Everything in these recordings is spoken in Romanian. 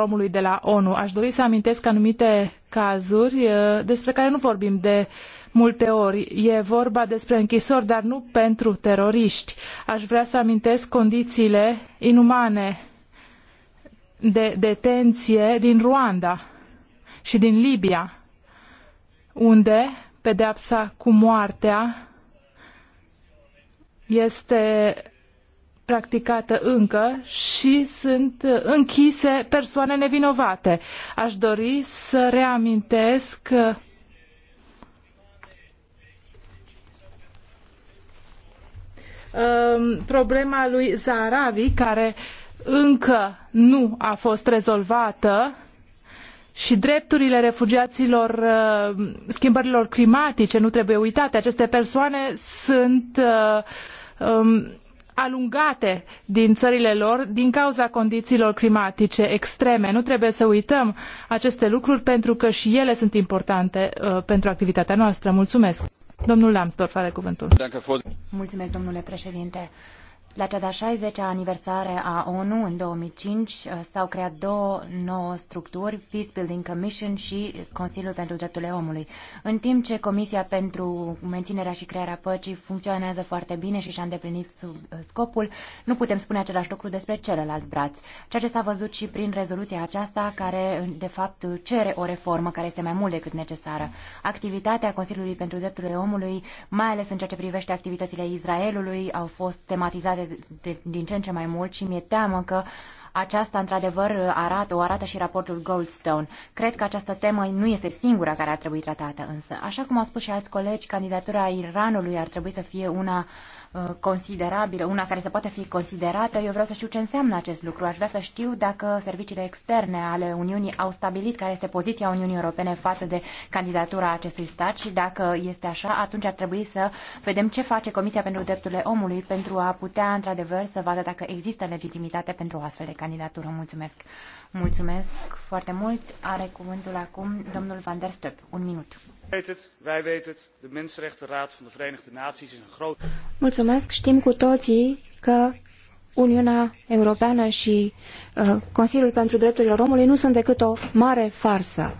omului de la ONU. Aș dori să amintesc anumite cazuri uh, despre care nu vorbim de multe ori. E vorba despre închisori, dar nu pentru teroriști. Aș vrea să amintesc condițiile inumane de detenție din Ruanda și din Libia, unde pedeapsa cu moartea este practicată încă și sunt închise persoane nevinovate. Aș dori să reamintesc um, problema lui Zaharavi, care încă nu a fost rezolvată și drepturile refugiaților uh, schimbărilor climatice nu trebuie uitate. Aceste persoane sunt uh, um, alungate din țările lor din cauza condițiilor climatice extreme. Nu trebuie să uităm aceste lucruri pentru că și ele sunt importante uh, pentru activitatea noastră. Mulțumesc! Domnul Lambsdorff are cuvântul. Mulțumesc, domnule președinte. La cea de-a 60-a aniversare a ONU în 2005 uh, s-au creat două nouă structuri, Peace Building Commission și Consiliul pentru Drepturile Omului. În timp ce Comisia pentru Menținerea și Crearea Păcii funcționează foarte bine și și-a îndeplinit uh, scopul, nu putem spune același lucru despre celălalt braț. Ceea ce s-a văzut și prin rezoluția aceasta, care de fapt cere o reformă care este mai mult decât necesară. Activitatea Consiliului pentru Drepturile Omului, mai ales în ceea ce privește activitățile Israelului, au fost tematizate de, de, din ce în ce mai mult și mi-e teamă că aceasta, într-adevăr, arată, o arată și raportul Goldstone. Cred că această temă nu este singura care ar trebui tratată, însă. Așa cum au spus și alți colegi, candidatura Iranului ar trebui să fie una uh, considerabilă, una care să poate fi considerată. Eu vreau să știu ce înseamnă acest lucru. Aș vrea să știu dacă serviciile externe ale Uniunii au stabilit care este poziția Uniunii Europene față de candidatura acestui stat și dacă este așa, atunci ar trebui să vedem ce face Comisia pentru Drepturile Omului pentru a putea, într-adevăr, să vadă dacă există legitimitate pentru o astfel de candidatură. Mulțumesc! Mulțumesc foarte mult! Are cuvântul acum domnul Van der Stöp. Un minut. Mulțumesc! Știm cu toții că Uniunea Europeană și uh, Consiliul pentru Drepturile Romului nu sunt decât o mare farsă.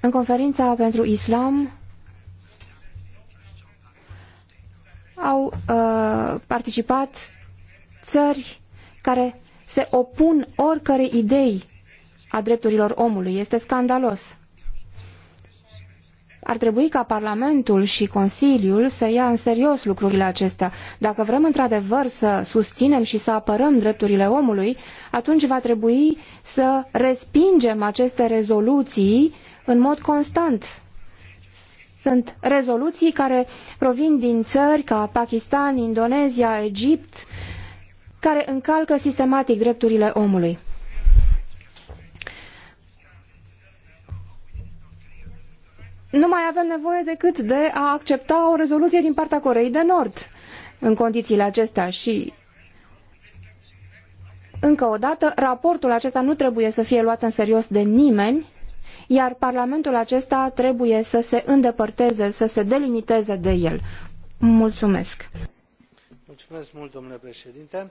În conferința pentru Islam au uh, participat țări care se opun oricărei idei a drepturilor omului. Este scandalos. Ar trebui ca Parlamentul și Consiliul să ia în serios lucrurile acestea. Dacă vrem într-adevăr să susținem și să apărăm drepturile omului, atunci va trebui să respingem aceste rezoluții în mod constant. Sunt rezoluții care provin din țări ca Pakistan, Indonezia, Egipt, uh, care încalcă sistematic drepturile omului. Nu mai avem nevoie decât de a accepta o rezoluție din partea Coreei de Nord în condițiile acestea și încă o dată, raportul acesta nu trebuie să fie luat în serios de nimeni, iar Parlamentul acesta trebuie să se îndepărteze, să se delimiteze de el. Mulțumesc! Mulțumesc mult, domnule președinte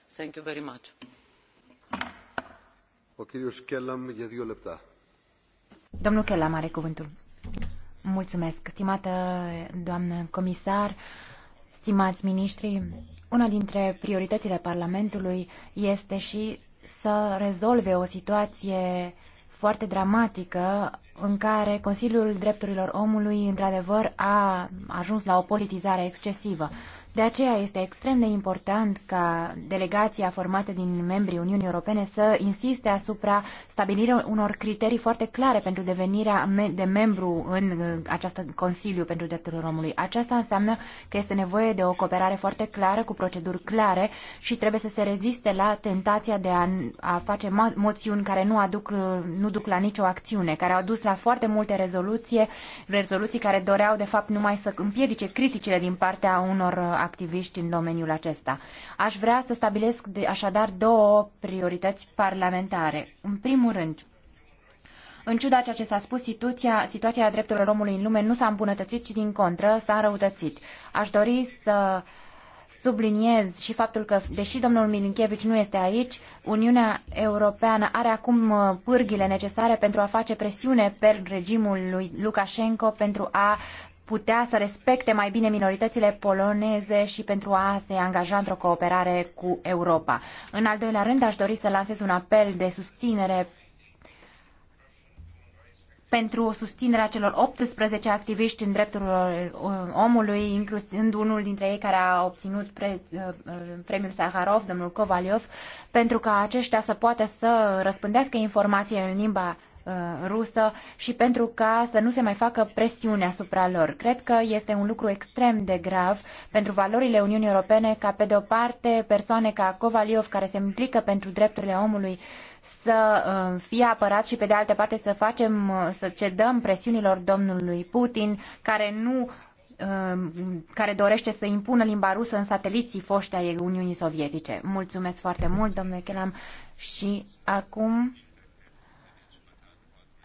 Thank you very much. O Kellam, e lepta. Domnul Kellam are cuvântul. Mulțumesc, stimată doamnă comisar, stimați miniștri. Una dintre prioritățile Parlamentului este și să rezolve o situație foarte dramatică în care Consiliul Drepturilor Omului, într-adevăr, a ajuns la o politizare excesivă. De aceea este extrem de important ca delegația formată din membrii Uniunii Europene să insiste asupra stabilirii unor criterii foarte clare pentru devenirea de membru în uh, acest Consiliu pentru Drepturile Omului. Aceasta înseamnă că este nevoie de o cooperare foarte clară, cu proceduri clare și trebuie să se reziste la tentația de a, a face moțiuni care nu, aduc, nu duc la nicio acțiune, care au dus la la foarte multe rezoluție, rezoluții care doreau de fapt numai să împiedice criticile din partea unor uh, activiști în domeniul acesta. Aș vrea să stabilesc de, așadar două priorități parlamentare. În primul rând, în ciuda ceea ce s-a spus, situația, situația drepturilor omului în lume nu s-a îmbunătățit, ci din contră s-a înrăutățit. Aș dori să subliniez și faptul că, deși domnul Milinkevici nu este aici, Uniunea Europeană are acum uh, pârghile necesare pentru a face presiune pe regimul lui Lukashenko pentru a putea să respecte mai bine minoritățile poloneze și pentru a se angaja într-o cooperare cu Europa. În al doilea rând, aș dori să lansez un apel de susținere pentru susținerea celor 18 activiști în dreptul uh, omului, incluzând unul dintre ei care a obținut pre, uh, uh, premiul Saharov, domnul Kovaliov, pentru ca aceștia să poată să răspândească informații în limba Uh, rusă și pentru ca să nu se mai facă presiune asupra lor. Cred că este un lucru extrem de grav pentru valorile Uniunii Europene ca, pe de o parte, persoane ca Kovaliov, care se implică pentru drepturile omului, să uh, fie apărat și, pe de altă parte, să facem, uh, să cedăm presiunilor domnului Putin, care nu care dorește să impună limba rusă în sateliții foști ai Uniunii Sovietice. Mulțumesc foarte mult, domnule Chelam. Și acum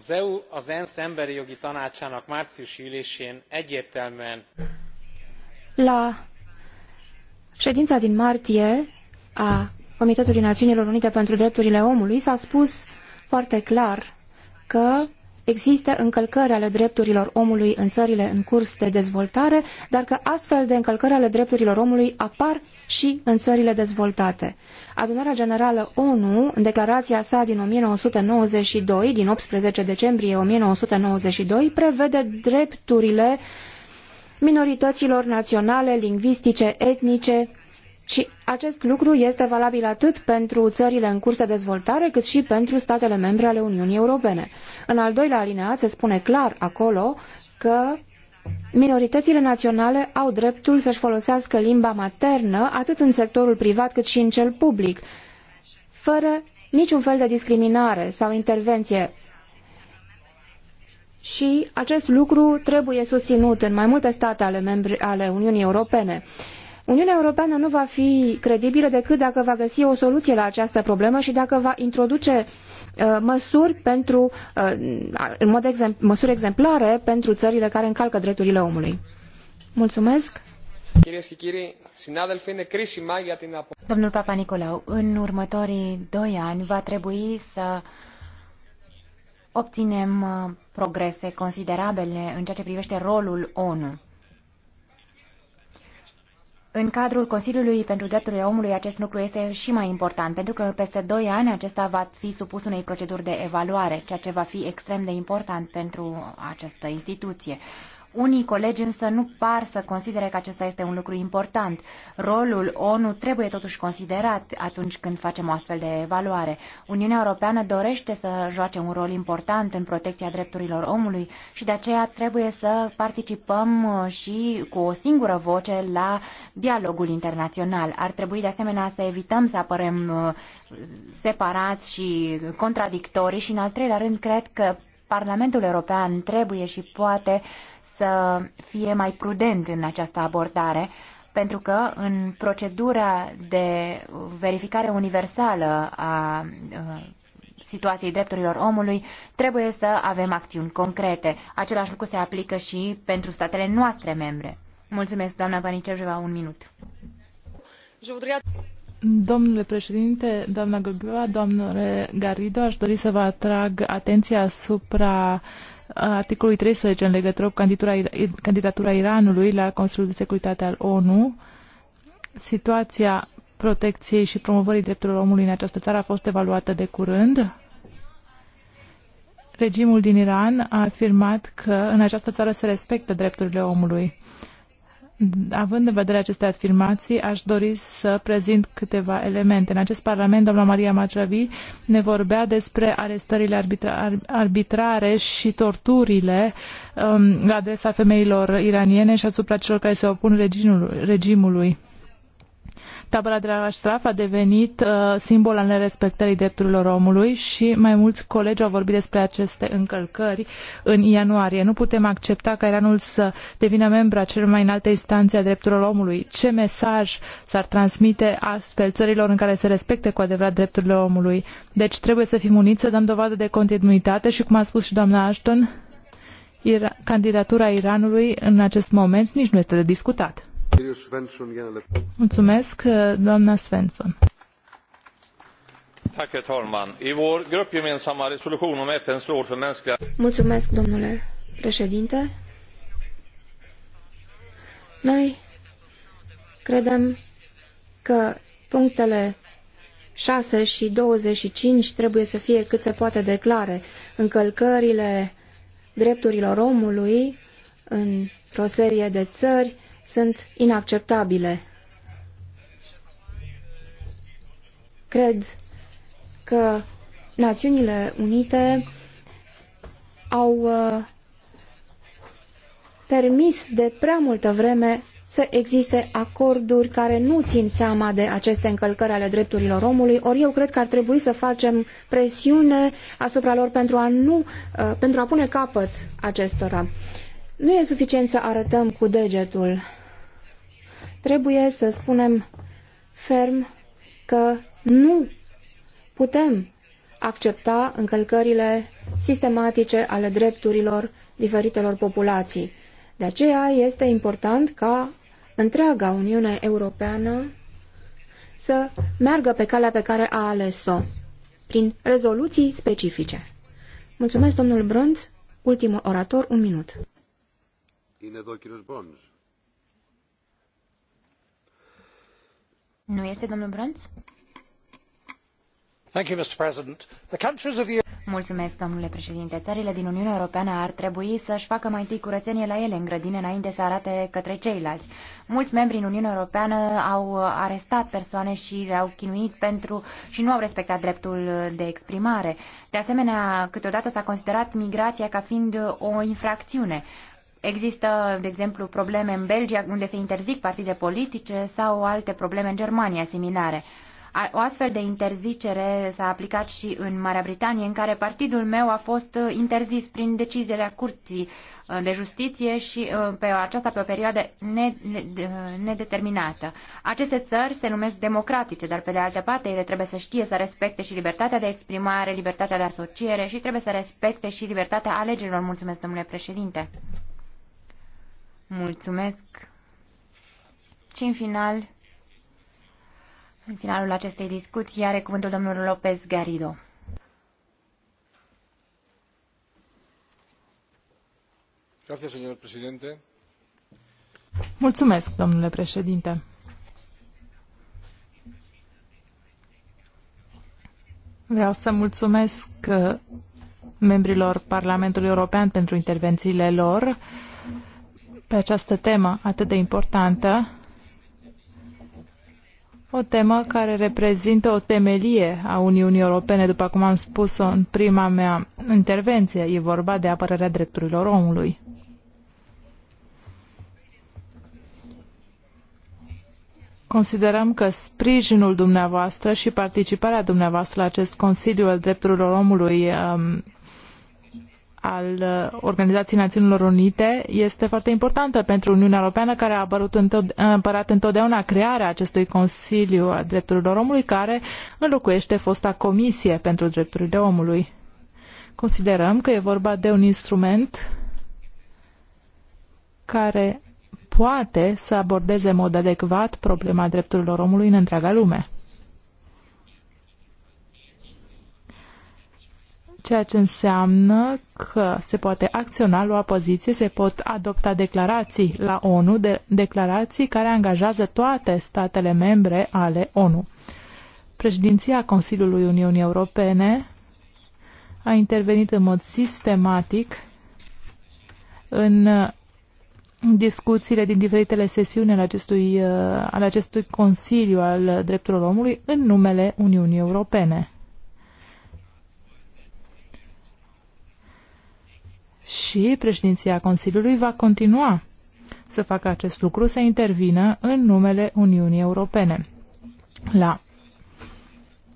az eu az ensz emberi jogi tanácsának márciusi ülésén egyértelműen la ședința din martie a Comitetului Națiunilor Unite pentru Drepturile Omului s-a spus foarte clar că există încălcări ale drepturilor omului în țările în curs de dezvoltare, dar că astfel de încălcări ale drepturilor omului apar și în țările dezvoltate. Adunarea Generală ONU, în declarația sa din 1992, din 18 decembrie 1992, prevede drepturile minorităților naționale, lingvistice, etnice, și acest lucru este valabil atât pentru țările în curs de dezvoltare, cât și pentru statele membre ale Uniunii Europene. În al doilea alineat se spune clar acolo că Minoritățile naționale au dreptul să-și folosească limba maternă atât în sectorul privat cât și în cel public, fără niciun fel de discriminare sau intervenție. Și acest lucru trebuie susținut în mai multe state ale, membri, ale Uniunii Europene. Uniunea Europeană nu va fi credibilă decât dacă va găsi o soluție la această problemă și dacă va introduce Uh, măsuri pentru, uh, în mod exempl, măsuri exemplare pentru țările care încalcă drepturile omului. Mulțumesc! Domnul Papa Nicolau, în următorii doi ani va trebui să obținem uh, progrese considerabile în ceea ce privește rolul ONU. În cadrul Consiliului pentru Drepturile Omului acest lucru este și mai important, pentru că peste 2 ani acesta va fi supus unei proceduri de evaluare, ceea ce va fi extrem de important pentru această instituție. Unii colegi însă nu par să considere că acesta este un lucru important. Rolul ONU trebuie totuși considerat atunci când facem o astfel de evaluare. Uniunea Europeană dorește să joace un rol important în protecția drepturilor omului și de aceea trebuie să participăm uh, și cu o singură voce la dialogul internațional. Ar trebui de asemenea să evităm să apărăm uh, separați și contradictorii și în al treilea rând cred că Parlamentul European trebuie și poate să fie mai prudent în această abordare, pentru că în procedura de verificare universală a situației drepturilor omului, trebuie să avem acțiuni concrete. Același lucru se aplică și pentru statele noastre membre. Mulțumesc, doamna Paniceveva, un minut. Domnule președinte, doamna Găgăa, domnule Garido, aș dori să vă atrag atenția asupra uh, articolului 13 în legătură cu candidatura, candidatura Iranului la Consiliul de Securitate al ONU, situația protecției și promovării drepturilor omului în această țară a fost evaluată de curând. Regimul din Iran a afirmat că în această țară se respectă drepturile omului. Având în vedere aceste afirmații, aș dori să prezint câteva elemente. În acest parlament, doamna Maria Maceavi ne vorbea despre arestările arbitra arbitrare și torturile um, la adresa femeilor iraniene și asupra celor care se opun regimului. regimului. Tabăra de la Raștraf a devenit uh, simbol al nerespectării drepturilor omului și mai mulți colegi au vorbit despre aceste încălcări în ianuarie. Nu putem accepta ca Iranul să devină membru a cel mai înalte instanțe a drepturilor omului. Ce mesaj s-ar transmite astfel țărilor în care se respecte cu adevărat drepturile omului? Deci trebuie să fim uniți, să dăm dovadă de continuitate și, cum a spus și doamna Ashton, candidatura Iranului în acest moment nici nu este de discutat. Mulțumesc, doamna Svensson. Mulțumesc, domnule președinte. Noi credem că punctele 6 și 25 trebuie să fie cât se poate de clare. Încălcările drepturilor omului într-o serie de țări sunt inacceptabile. Cred că Națiunile Unite au uh, permis de prea multă vreme să existe acorduri care nu țin seama de aceste încălcări ale drepturilor omului, ori eu cred că ar trebui să facem presiune asupra lor pentru a, nu, uh, pentru a pune capăt acestora. Nu e suficient să arătăm cu degetul. Trebuie să spunem ferm că nu putem accepta încălcările sistematice ale drepturilor diferitelor populații. De aceea este important ca întreaga Uniune Europeană să meargă pe calea pe care a ales-o, prin rezoluții specifice. Mulțumesc, domnul Brând, ultimul orator, un minut. Nu este domnul Mulțumesc, domnule președinte. Țările din Uniunea Europeană ar trebui să-și facă mai întâi curățenie la ele în grădine înainte să arate către ceilalți. Mulți membri în Uniunea Europeană au arestat persoane și le-au chinuit pentru și nu au respectat dreptul de exprimare. De asemenea, câteodată s-a considerat migrația ca fiind o infracțiune. Există, de exemplu, probleme în Belgia unde se interzic partide politice sau alte probleme în Germania similare. O astfel de interzicere s-a aplicat și în Marea Britanie, în care partidul meu a fost uh, interzis prin decizie de a curții uh, de justiție și uh, pe aceasta pe o perioadă nedeterminată. Aceste țări se numesc democratice, dar pe de altă parte ele trebuie să știe să respecte și libertatea de exprimare, libertatea de asociere și trebuie să respecte și libertatea alegerilor. Mulțumesc, domnule președinte. Mulțumesc. Și în final, în finalul acestei discuții, are cuvântul domnul Lopez Garrido. Mulțumesc, domnule președinte. Vreau să mulțumesc uh, membrilor Parlamentului European pentru intervențiile lor pe această temă atât de importantă, o temă care reprezintă o temelie a Uniunii Europene, după cum am spus-o în prima mea intervenție. E vorba de apărarea drepturilor omului. Considerăm că sprijinul dumneavoastră și participarea dumneavoastră la acest Consiliu al Drepturilor Omului um, al uh, Organizației Națiunilor Unite este foarte importantă pentru Uniunea Europeană, care a apărut întod- întotdeauna crearea acestui Consiliu a Drepturilor Omului, care înlocuiește fosta Comisie pentru Drepturile Omului. Considerăm că e vorba de un instrument care poate să abordeze în mod adecvat problema drepturilor omului în întreaga lume. ceea ce înseamnă că se poate acționa, lua poziție, se pot adopta declarații la ONU, de, declarații care angajează toate statele membre ale ONU. Președinția Consiliului Uniunii Europene a intervenit în mod sistematic în discuțiile din diferitele sesiuni ale acestui, uh, ale acestui Consiliu al Drepturilor Omului în numele Uniunii Europene. și președinția Consiliului va continua să facă acest lucru, să intervină în numele Uniunii Europene. La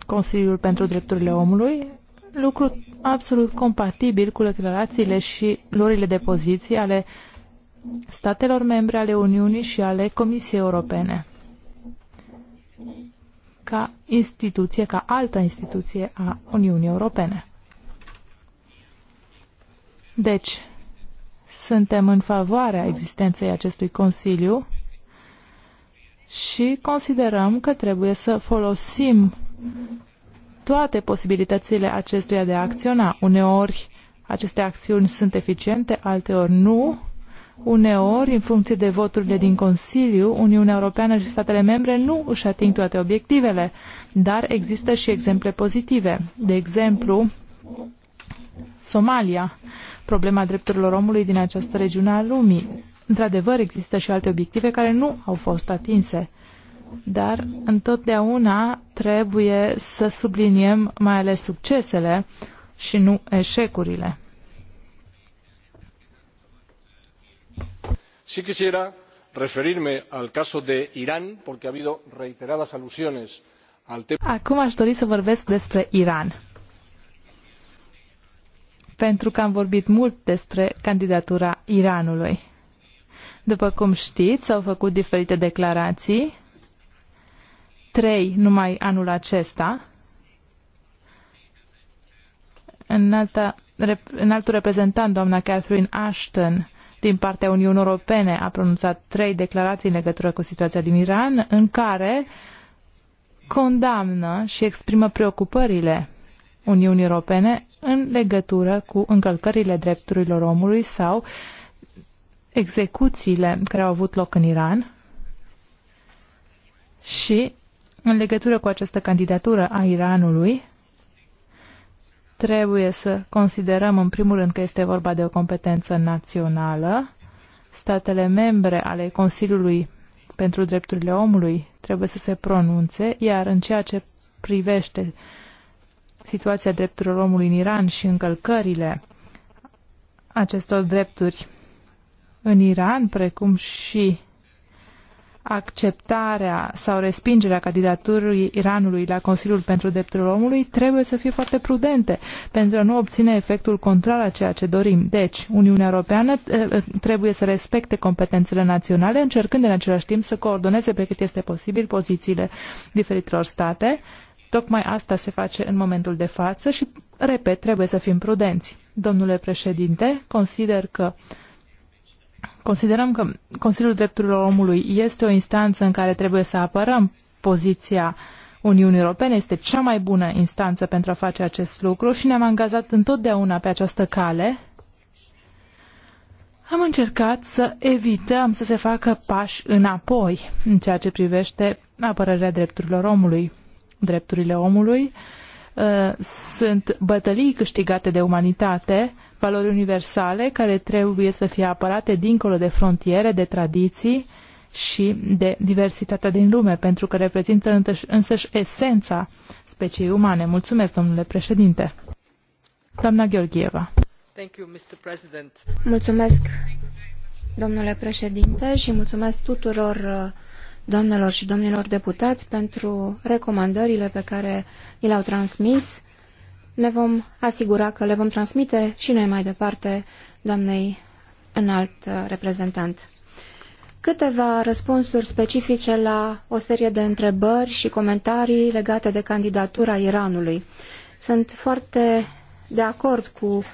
Consiliul pentru Drepturile Omului, lucru absolut compatibil cu declarațiile și lorile de poziție ale statelor membre ale Uniunii și ale Comisiei Europene ca instituție, ca altă instituție a Uniunii Europene. Deci, suntem în favoarea existenței acestui Consiliu și considerăm că trebuie să folosim toate posibilitățile acestuia de a acționa. Uneori aceste acțiuni sunt eficiente, alteori nu. Uneori, în funcție de voturile din Consiliu, Uniunea Europeană și statele membre nu își ating toate obiectivele, dar există și exemple pozitive. De exemplu, Somalia, problema drepturilor omului din această regiune a lumii. Într-adevăr, există și alte obiective care nu au fost atinse, dar întotdeauna trebuie să subliniem mai ales succesele și nu eșecurile. Sí quisiera referirme al caso de Irán, porque ha habido reiteradas alusiones al tema. Acum aș dori să vorbesc despre Iran pentru că am vorbit mult despre candidatura Iranului. După cum știți, s-au făcut diferite declarații, trei numai anul acesta. alta, rep, altul reprezentant, doamna Catherine Ashton, din partea Uniunii Europene, a pronunțat trei declarații în legătură cu situația din Iran, în care condamnă și exprimă preocupările Uniunii Europene în legătură cu încălcările drepturilor omului sau execuțiile care au avut loc în Iran și în legătură cu această candidatură a Iranului trebuie să considerăm în primul rând că este vorba de o competență națională. Statele membre ale Consiliului pentru Drepturile Omului trebuie să se pronunțe, iar în ceea ce privește uh, situația drepturilor omului în Iran și încălcările acestor drepturi în Iran, precum și acceptarea sau respingerea candidaturii Iranului la Consiliul pentru Drepturile Omului trebuie să fie foarte prudente pentru a nu obține efectul contrar a ceea ce dorim. Deci, Uniunea Europeană eh, eh, trebuie să respecte competențele naționale, încercând în același timp să coordoneze pe cât este posibil pozițiile diferitelor state Tocmai asta se face în momentul de față și, repet, trebuie să fim prudenți. Domnule președinte, consider că considerăm că Consiliul Drepturilor Omului este o instanță în care trebuie să apărăm poziția Uniunii Europene, este cea mai bună instanță pentru a face acest lucru și ne-am angajat întotdeauna pe această cale. Am încercat să evităm să se facă pași înapoi în ceea ce privește apărarea drepturilor omului drepturile omului, uh, sunt bătălii câștigate de umanitate, valori universale care trebuie să fie apărate dincolo de frontiere, de tradiții și de diversitatea din lume, pentru că reprezintă însăși esența speciei umane. Mulțumesc, domnule președinte. Doamna Gheorgheva. Mulțumesc, domnule președinte, și mulțumesc tuturor uh, doamnelor și domnilor deputați pentru recomandările pe care ni le-au transmis. Ne vom asigura că le vom transmite și noi mai departe doamnei înalt uh, reprezentant. Câteva răspunsuri specifice la o serie de întrebări și comentarii legate de candidatura Iranului. Sunt foarte de acord cu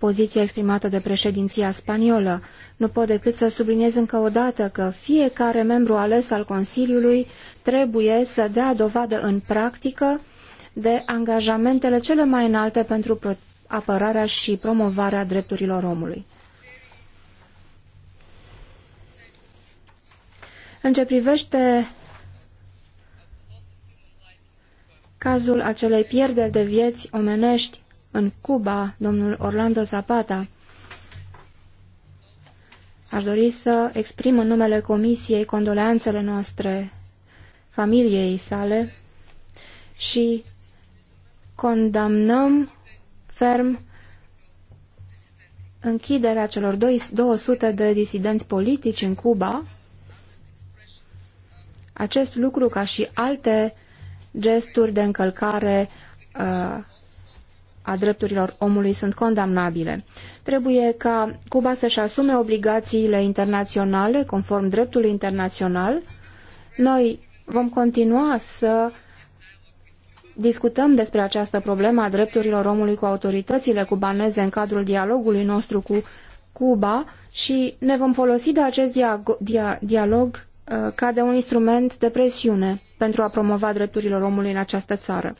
poziția exprimată de președinția spaniolă. Nu pot decât să subliniez încă o dată că fiecare membru ales al Consiliului trebuie să dea dovadă în practică de angajamentele cele mai înalte pentru apărarea și promovarea drepturilor omului. În ce privește cazul acelei pierderi de vieți omenești în Cuba, domnul Orlando Zapata. Aș dori să exprim în numele Comisiei condoleanțele noastre familiei sale și condamnăm ferm închiderea celor 200 de disidenți politici în Cuba. Acest lucru, ca și alte gesturi de încălcare uh, a drepturilor omului sunt condamnabile. Trebuie ca Cuba să-și asume obligațiile internaționale conform dreptului internațional. Noi vom continua să discutăm despre această problemă a drepturilor omului cu autoritățile cubaneze în cadrul dialogului nostru cu Cuba și ne vom folosi de acest dialog uh, ca de un instrument de presiune pentru a promova drepturile omului în această țară.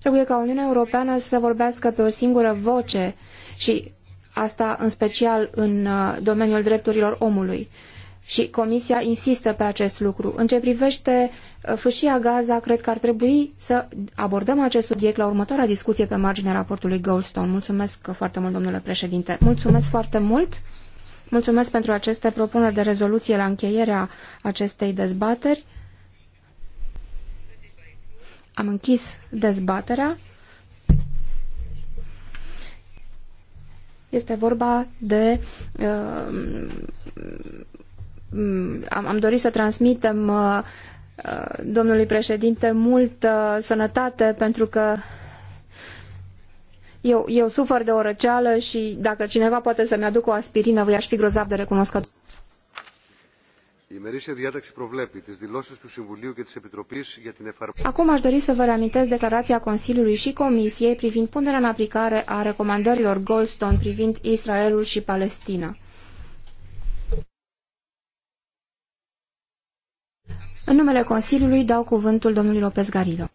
Trebuie ca Uniunea Europeană să vorbească pe o singură voce și asta în special în uh, domeniul drepturilor omului. Și Comisia insistă pe acest lucru. În ce privește uh, fâșia Gaza, cred că ar trebui să abordăm acest subiect la următoarea discuție pe marginea raportului Goldstone. Mulțumesc foarte mult, domnule președinte. Mulțumesc foarte mult. Mulțumesc pentru aceste propuneri de rezoluție la încheierea acestei dezbateri. Am închis dezbaterea. Este vorba de... Uh, am, am dorit să transmitem uh, uh domnului președinte multă uh, sănătate pentru că eu, eu sufăr de o răceală și dacă cineva poate să-mi aducă o aspirină, voi aș fi grozav de recunoscător. Acum aș dori să vă reamintesc declarația Consiliului și Comisiei privind punerea în aplicare a recomandărilor Goldstone privind Israelul și Palestina. În numele Consiliului dau cuvântul domnului López Garrido.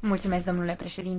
Mulțumesc, domnule președinte.